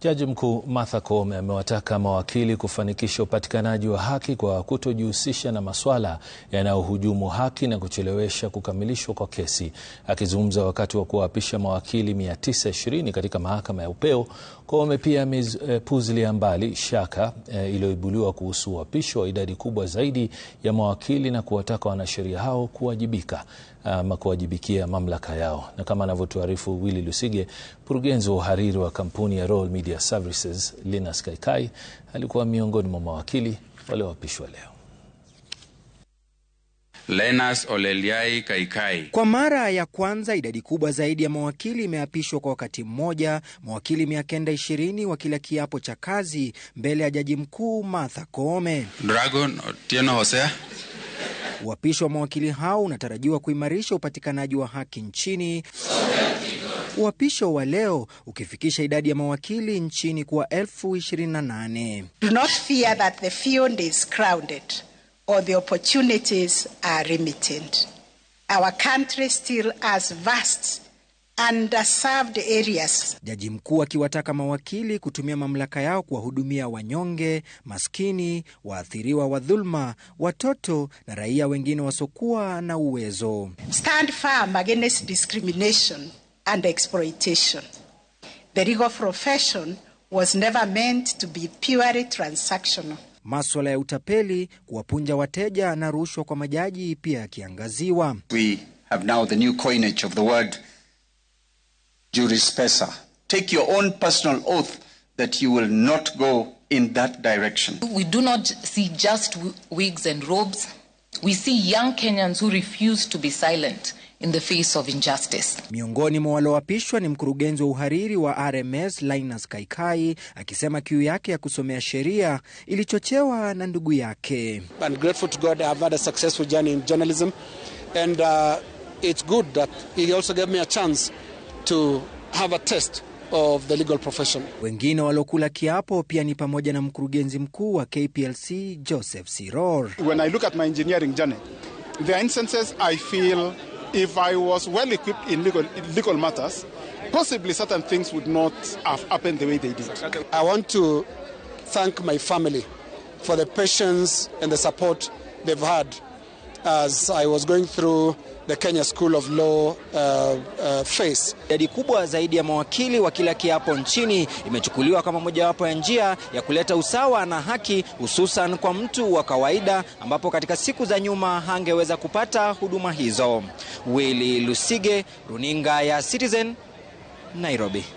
Jaji Mkuu Martha Koome amewataka mawakili kufanikisha upatikanaji wa haki kwa kutojihusisha na maswala yanayohujumu haki na kuchelewesha kukamilishwa kwa kesi. Akizungumza wakati wa kuwaapisha mawakili 920 katika mahakama ya upeo, Koome pia amepuuzilia mbali shaka e, iliyoibuliwa kuhusu uapisho wa idadi kubwa zaidi ya mawakili na kuwataka wanasheria hao kuwajibika ama kuwajibikia mamlaka yao. Na kama anavyotuarifu Willy Lusige, mkurugenzi wa uhariri wa kampuni ya Royal Media Media Services Linus Kaikai alikuwa miongoni mwa mawakili walioapishwa leo. Lenas Oleliai Kaikai. Kwa mara ya kwanza idadi kubwa zaidi ya mawakili imeapishwa kwa wakati mmoja, mawakili mia kenda ishirini wakila kiapo cha kazi mbele ya jaji mkuu Martha Koome. Dragon Otieno Hosea Uapisho wa mawakili hao unatarajiwa kuimarisha upatikanaji wa haki nchini. Uapisho wa leo ukifikisha idadi ya mawakili nchini kuwa elfu ishirini na nane. Do not fear that the field is crowded or the opportunities are limited. Our country still has vast underserved areas. Jaji mkuu akiwataka mawakili kutumia mamlaka yao kuwahudumia wanyonge, maskini, waathiriwa wa dhulma, watoto na raia wengine wasokuwa na uwezo. Stand firm against discrimination and exploitation. The legal profession was never meant to be purely transactional. Maswala ya utapeli, kuwapunja wateja na rushwa kwa majaji pia yakiangaziwa. We have now the new coinage of the word juris pesa. Take your own personal oath that you will not go in that direction. We do not see just wigs and robes. We see young Kenyans who refuse to be silent in the face of injustice. Miongoni mwa walioapishwa ni mkurugenzi wa uhariri wa RMS Linus Kaikai akisema kiu yake ya kusomea sheria ilichochewa na ndugu yake. I'm grateful to God I've had a successful journey in journalism and uh, it's good that he also gave me a chance to have a test of the legal profession. Wengine waliokula kiapo pia ni pamoja na mkurugenzi mkuu wa KPLC Joseph Siror. When I look at my engineering journey, there are instances I feel if I was well equipped in legal, in legal matters, possibly certain things would not have happened the way they did. I want to thank my family for the patience and the support they've had Idadi kubwa zaidi ya mawakili wa kila kiapo nchini imechukuliwa kama mojawapo ya njia ya kuleta usawa na haki, hususan kwa mtu wa kawaida, ambapo katika siku za nyuma hangeweza kupata huduma hizo. Willy Lusige, runinga ya Citizen, Nairobi.